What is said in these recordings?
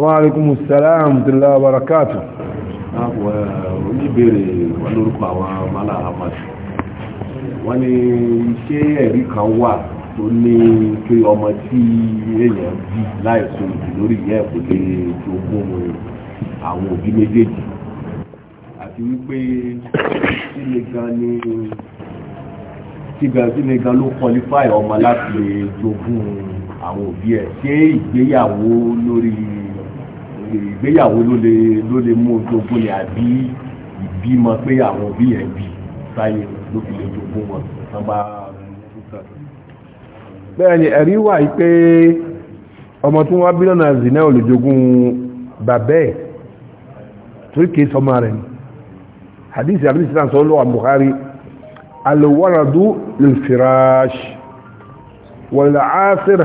wa alaikum assalam wa barakatuh àwọn ah, oníbèrè wọn lórúkọ àwọn mọ́lá àmàṣù wọ́n ní iṣẹ́ ẹ̀rí kan wà tó ní pé ọmọ tí èèyàn bí láìsọ ìdí lórí ìyá ẹ̀ kò lè àwọn òbí méjèèjì àti wípé sílẹ̀ ni gan ló qualify ọmọ láti lè jogún àwọn òbí ẹ̀ ṣé ìgbéyàwó lórí ìgbéyàwó ló lè ló lè mú ojogún ni àbí ìbímọ pé àwọn òbí yẹn bí sáyé ló fi lè jogún wọn tán bá bẹ́ẹ̀ ni ẹ̀rí wà yí pé ọmọ tí wọ́n bí lọ́nà zina ò lè jogún bàbẹ́ ẹ̀ torí kìí sọmọ rẹ̀ ni hadith àbí sísan sọ lọ́wọ́ Bukhari alwaradu lilfirash wal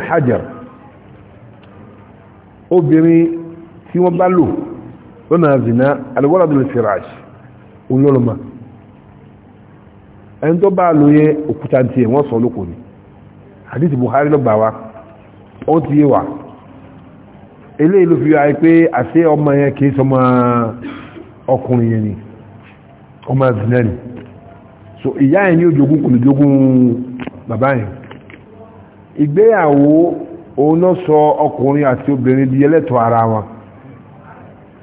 hajar obìnrin tí wọ́n bá lò lọ́nà àzìná alwọ́lọ́dún fìràṣì olólùmá ẹni tó bá lò yẹ òkúta tí ẹ̀ wọ́n sọ lókò ní àdísì Buhari lọ́gbà wa ó ti yé wa ilé ìlú fi wáyé pé àṣẹ ọmọ yẹn kìí sọmọ ọkùnrin yẹn ni ọmọ àzìná ni so ìyá yẹn ni ó jogún kò ní jogún bàbá yẹn ìgbéyàwó òun náà sọ ọkùnrin àti obìnrin di ẹlẹ́tọ̀ ara wọn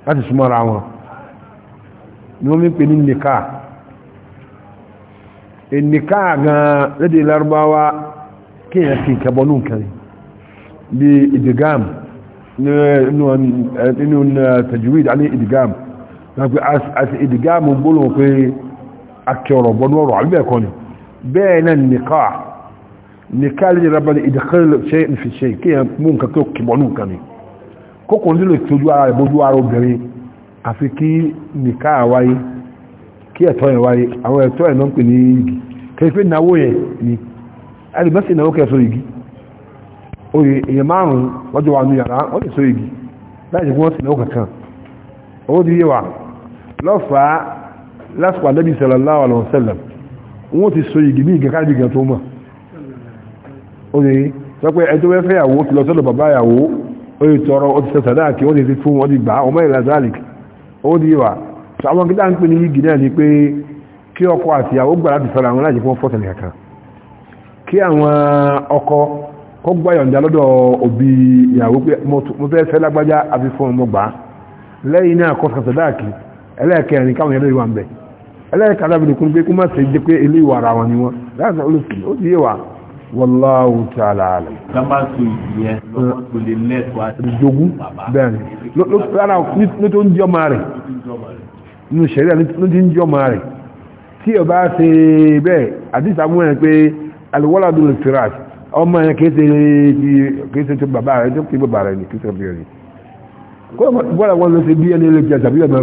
láti súnmọ́ ara wọn ni wọ́n mẹ́pẹ̀ ní nìká e nìká gan lédè lárúbáwá kíyàn fi kẹbọnú kẹrin bí ìdìgáàmù nínú tajwid a ní ìdìgáàmù àti ìdìgáàmù gbóòlò pé akẹrọ̀ bọnú ọ̀rọ̀ àbíbẹ̀ẹ̀kọ́ ni bẹ́ẹ̀ náà nìká nìká lédè lárúbáwá ìdìgáàmù ṣe ń fi kókùnrin lè tójú ara rẹ̀ bójú ara obìnrin àfi kí nìka àwáyé kí ẹ̀tọ́ ẹ̀ wáyé àwọn ẹ̀tọ́ ẹ̀ náà ń pè ní igi kẹfẹ́ ìnáwó yẹn ni ẹlùmẹ́sì ìnáwó kẹsọ igi oye èyàn márùn-ún lọ́jọ́ wa ní yàrá wọ́n lè sọ igi láì jẹ́ wọ́n sì náwó kankan owó ti yé wa lọ́fàá lásìkò àdẹ́bí sallallahu alaihi wasallam wọ́n ti sọ igi ní ìgẹ̀ká ìgbẹ̀ tó mọ̀ oye sọ pé ẹjọ́ fẹ́ yàwó ti lọ sọ́dọ̀ bàbá yàwó ó yìí tọrọ ó ti sọ sàdáàkì ti fi fún wọn gbaa ọmọ zalik di wà so àwọn kí dáńpé ní ni kí ọkọ àti ìyàwó gbà láti sọ̀rọ̀ àwọn láti fún fọ́sẹ̀lẹ̀ kankan kí àwọn ọkọ kó gbà yọ̀ǹda lọ́dọ̀ òbí mo ara wọn ni wọn láti olùsìn ó ti yé wa wọláwù tí a là àlẹ. dámàtò ìyẹn lọ́wọ́ tó lè lẹ́tọ̀ọ́ àti ìjogún bẹ́ẹ̀ ni rárá ní tó ń jẹ́ ọmọ rẹ̀ nínú sẹ́ríà ní ti ń jẹ́ ọmọ rẹ̀ tí ẹ bá ṣe bẹ́ẹ̀ àdìsí àmúhàn yẹn pé aliwọ́ládù lè firas ọmọ yẹn kìí ṣe kìí ṣe tó bàbá rẹ̀ tó kìí bàbá rẹ̀ ní kìí ṣe bí rẹ̀ kó bọ́lá wọn lọ sí bí ẹni lè jẹ àṣàbí ọmọ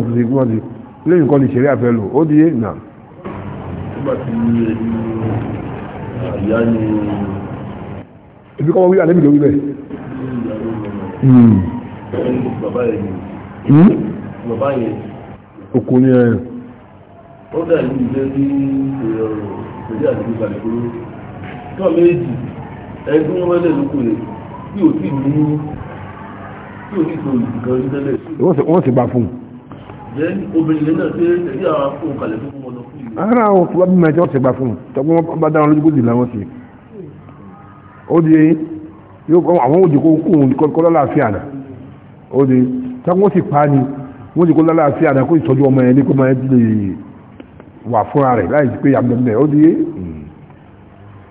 ìyá ni ebi kọ́ wọ́n wí àlẹ́bì lórí bẹ́ẹ̀ bàbá ní hmm? ẹ̀ eh. ó dà ilé ní ìpínlẹ̀ àdúgbò balẹ̀kúrú tó àmì èjì ẹgbẹ́ wọn wẹ́lẹ̀ rẹ̀ tí ò sì ní tí ò sì tó ìgbìkan rí tẹ́lẹ̀ ara àwọn tó bá bí mẹ́jọ ti gbà fún tọ́gbọ́n wọn bá dáwọn lójú gbòdì làwọn sí ó di yóò kọ́ àwọn òjì kó kún òun kọ́ lọ́láàfíà náà ó di tọ́gbọ́n sì pa ni wọ́n ti kó lọ́láàfíà náà kó ìtọ́jú ọmọ ẹni kó máa lè wà fúnra rẹ̀ láì pé yàgbẹ́ mẹ́ ó di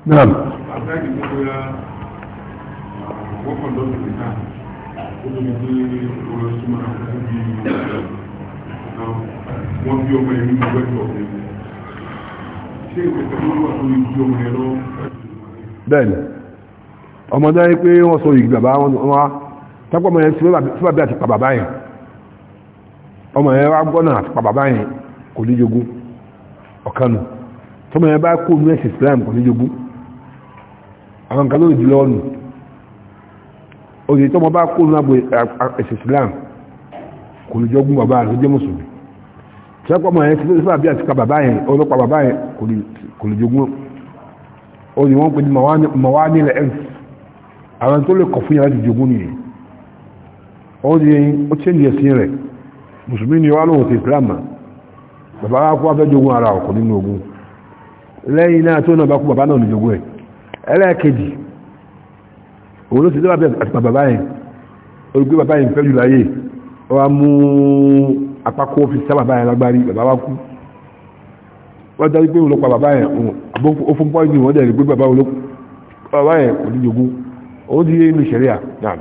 náà. wọ́n kàn lọ́sọ̀tì náà ó lómi dé orí súnmọ́ra fún bí wọ́n bí ọmọ ẹ̀mí ìgbẹ́jọ́ ọ̀fẹ́ ṣé ìgbẹ́jọ́ wọ́n wà lórí bí ọmọ ẹ̀rọ bẹ́ẹ̀ni ọmọdé yẹn pé wọ́n sọ ìgbà bá wọn wá tápọ̀ ọmọ yẹn sí bàbá bí àti pa bàbá yẹn ọmọ yẹn wá gbọ́nà àti pa bàbá yẹn kò ní jogún ọ̀kanu tọ́mọ yẹn bá kó ní ẹ̀sìn Islam kò ní jogún àwọn nǹkan lórí jùlọ ọ̀nù òye tọ́mọ bá kó ní ẹ̀sìn Islam kò ní jogún bàbá rẹ̀ jẹ́ mùsùlùm sẹ́kọ̀ ọmọ yẹn ti fẹ́ bí àti ka bàbá yẹn ọlọ́pàá bàbá yẹn kò lè jogún ó ní wọ́n pè ní mọ̀wá nílẹ̀ ẹ̀f àwọn tó lè kọ̀ fún yàrá ti jogún nìyẹn ó ní ó tí ń yẹ rẹ̀ mùsùlùmí ni wà lóhùn ti ìsìlámà bàbá wa kó wá fẹ́ jogún ara ọkọ̀ nínú ogun lẹ́yìn náà tó náà bá kú bàbá náà ní jogún ẹ̀ ẹlẹ́ẹ̀kejì òun ló ti dé bàbá yẹn olùgbé bàbá yẹn fẹ́ jù láyé ó wá mú apákó fi sá bàbá yẹn lágbárí bàbá wa kú wọ́n dájú pé olópa bàbá yẹn ó fún pọ́ìsì wọ́n dẹ̀ rí pé bàbá yẹn kò ní jogún ó di inú ṣẹ̀ríà náà